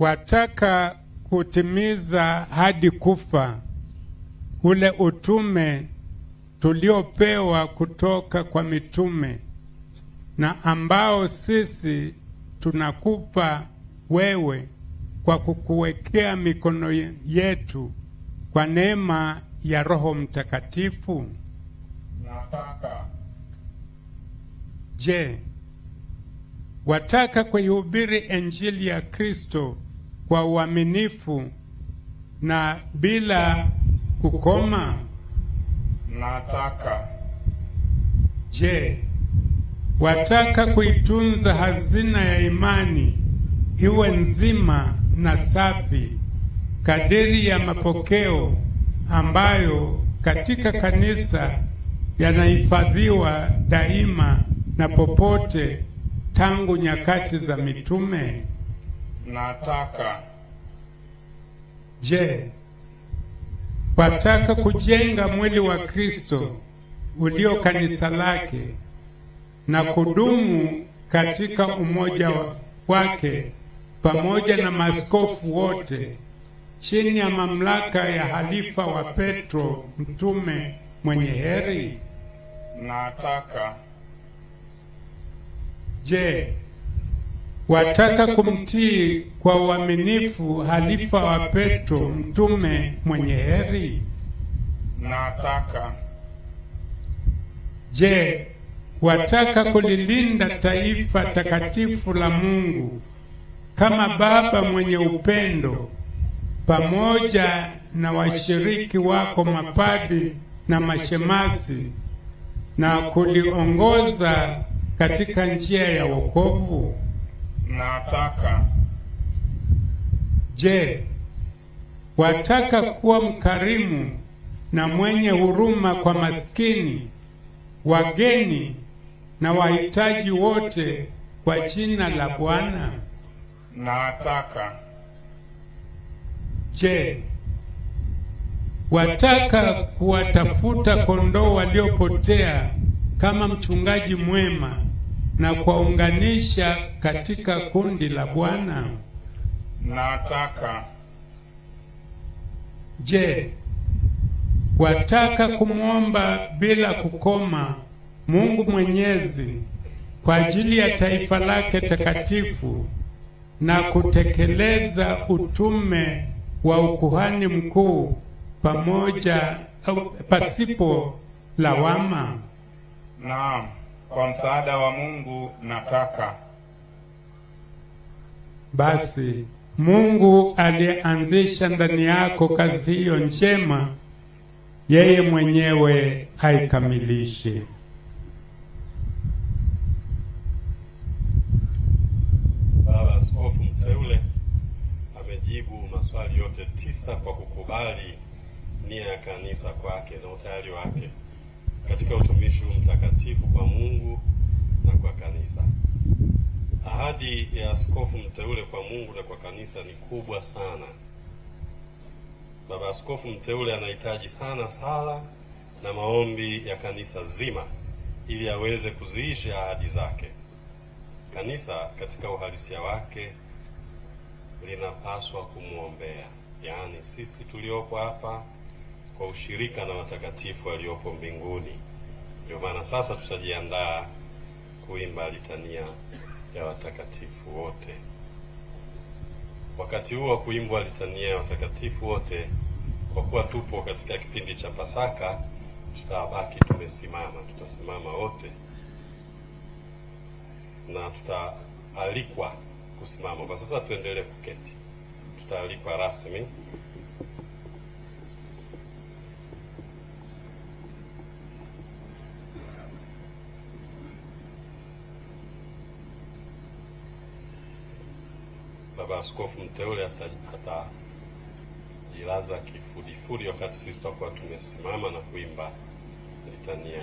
wataka kutimiza hadi kufa ule utume tuliopewa kutoka kwa mitume na ambao sisi tunakupa wewe kwa kukuwekea mikono yetu kwa neema ya Roho Mtakatifu. Nataka. Je, wataka kuihubiri Injili ya Kristo kwa uaminifu na bila kukoma. Nataka je, wataka kuitunza hazina ya imani iwe nzima na safi kadiri ya mapokeo ambayo katika kanisa yanahifadhiwa daima na popote tangu nyakati za mitume. Nataka. Je, wataka kujenga mwili wa Kristo ulio kanisa lake na kudumu katika umoja wake pamoja na maskofu wote chini ya mamlaka ya halifa wa Petro mtume mwenye heri? Nataka. Je, wataka kumtii kwa uaminifu halifa wa Petro mtume mwenye heri? Nataka. Je, wataka kulilinda taifa takatifu la Mungu kama baba mwenye upendo pamoja na washiriki wako mapadi na mashemasi na kuliongoza katika njia ya wokovu? Nataka. Je, wataka kuwa mkarimu na mwenye huruma kwa maskini, wageni na wahitaji wote kwa jina la Bwana? Nataka. Je, wataka kuwatafuta kondoo waliopotea kama mchungaji mwema na kuwaunganisha katika kundi la Bwana? Nataka. Je, wataka kumwomba bila kukoma Mungu Mwenyezi kwa ajili ya taifa lake takatifu na kutekeleza utume wa ukuhani mkuu pamoja pasipo lawama? Naam. Kwa msaada wa Mungu nataka. Basi Mungu aliyeanzisha ndani yako kazi hiyo njema, yeye mwenyewe haikamilishe. Baba Askofu mteule amejibu maswali yote tisa kwa kukubali nia ya kanisa kwake na utayari wake katika utumishi mtakatifu kwa Mungu na kwa kanisa. Ahadi ya askofu mteule kwa Mungu na kwa kanisa ni kubwa sana. Baba askofu mteule anahitaji sana sala na maombi ya kanisa zima ili aweze kuziisha ahadi zake. Kanisa katika uhalisia wake linapaswa kumwombea, yaani sisi tuliopo hapa kwa ushirika na watakatifu waliopo mbinguni. Ndio maana sasa tutajiandaa kuimba litania ya watakatifu wote. Wakati huo wa kuimbwa litania ya watakatifu wote, kwa kuwa tupo katika kipindi cha Pasaka, tutabaki tumesimama, tutasimama wote na tutaalikwa kusimama. Kwa sasa tuendelee kuketi, tutaalikwa rasmi. askofu mteule atajilaza ata kifudifudi, wakati sisi tutakuwa tumesimama na kuimba litania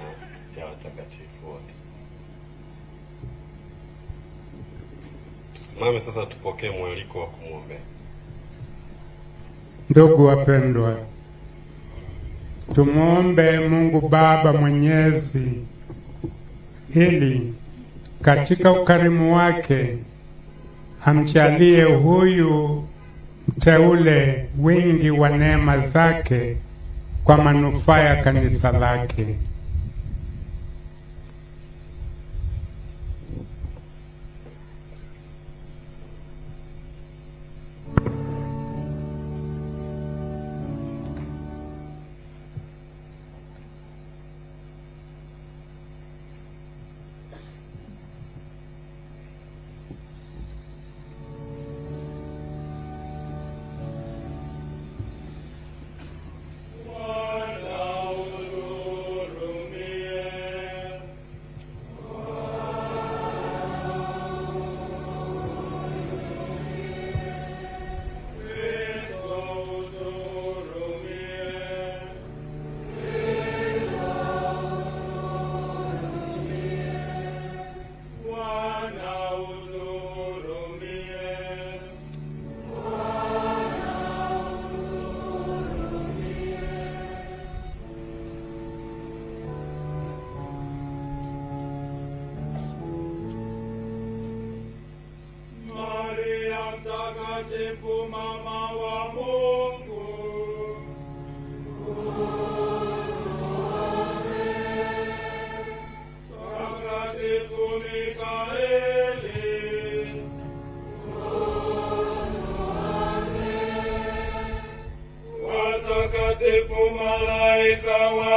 ya watakatifu wote. Tusimame sasa, tupokee mwaliko wa kumwombea. Ndugu wapendwa, tumwombe Mungu Baba Mwenyezi ili katika ukarimu wake amjalie huyu mteule wingi wa neema zake kwa manufaa ya kanisa lake.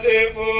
beautiful.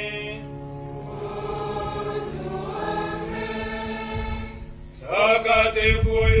I got it for you.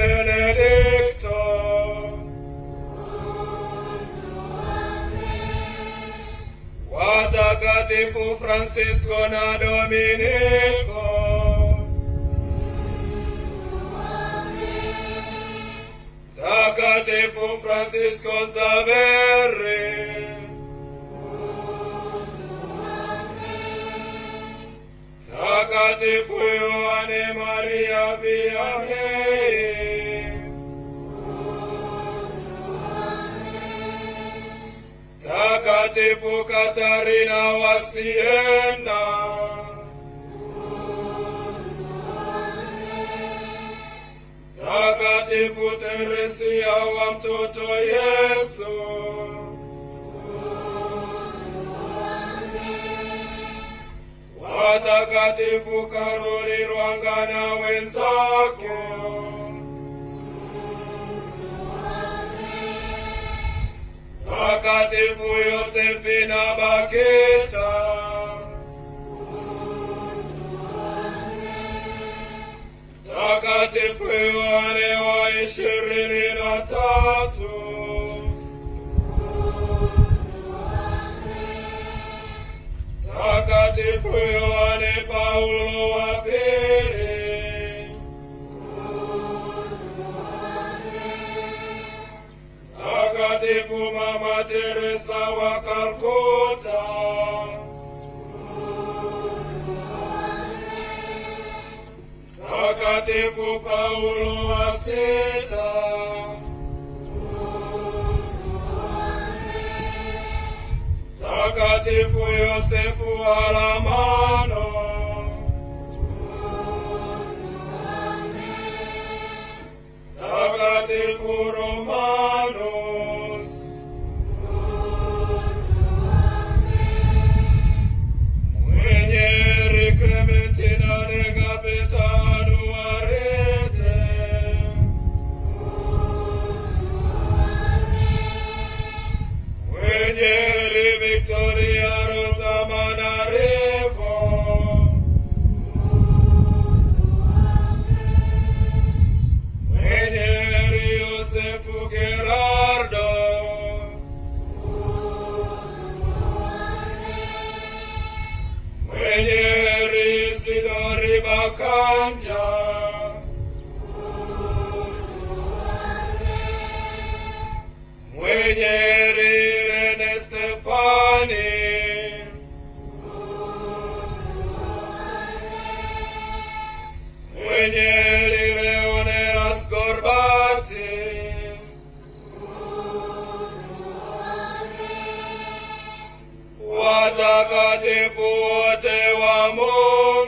benedicta. fu Francisco na Dominico. fu Francisco Saveri. Takatifu Yohane Maria Vianney. takatifu Katarina wa Siena, takatifu Teresia wa mtoto Yesu, watakatifu Karoli Rwanga na wenzake Watakatifu yosefi na Bakita, Takatifu Yohane wa ishirini na tatu, Takatifu Yohane Paulo wa pili Teresa wa Calcutta. Takatifu Paulo wa sita. Takatifu Yosefu wa Lamano. Takatifu Romano. takatifu wote wa amor.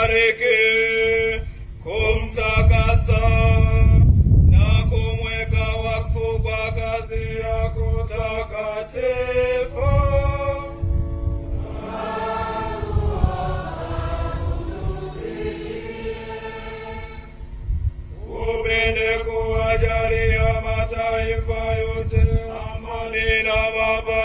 kubariki, kumtakasa na kumweka wakfu kwa kazi yako takatifu. Upende kuwajalia mataifa yote amani na mabadiliko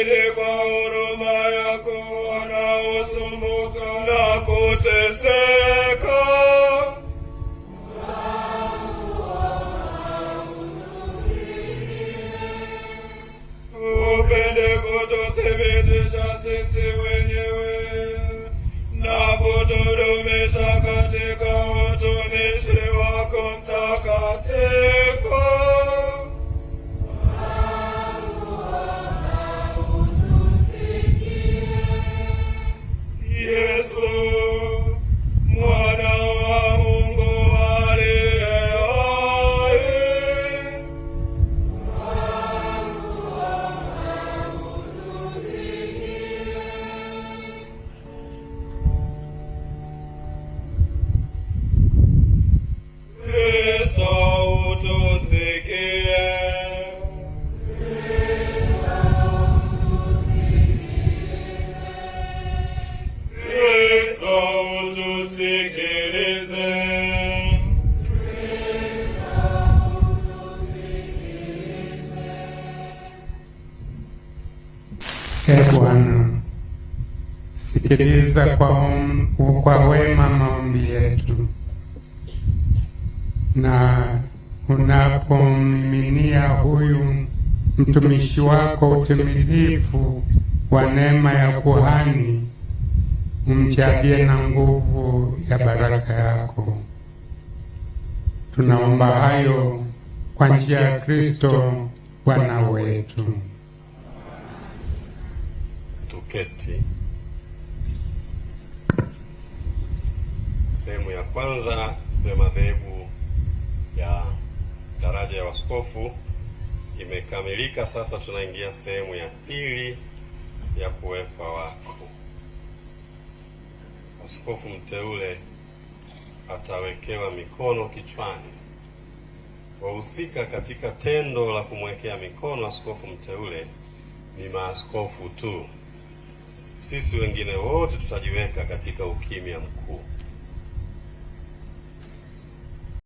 ili kwa huruma yako wanaosumbuka na kuteseka upende kututhibitisha sisi wenyewe na kutudumisha katika utumishi wako mtakatifu. Bwana, sikiliza kwa, kwa wema maombi yetu na unapomiminia huyu mtumishi wako utimilifu wa neema ya kuhani, umjalie na nguvu ya baraka yako. Tunaomba hayo kwa njia ya Kristo Bwana wetu kuketi. Sehemu ya kwanza ya madhehebu ya daraja ya waskofu imekamilika. Sasa tunaingia sehemu ya pili ya kuwekwa wakfu. Askofu mteule atawekewa mikono kichwani. Wahusika katika tendo la kumwekea mikono askofu mteule ni maaskofu tu sisi wengine wote tutajiweka katika ukimya mkuu.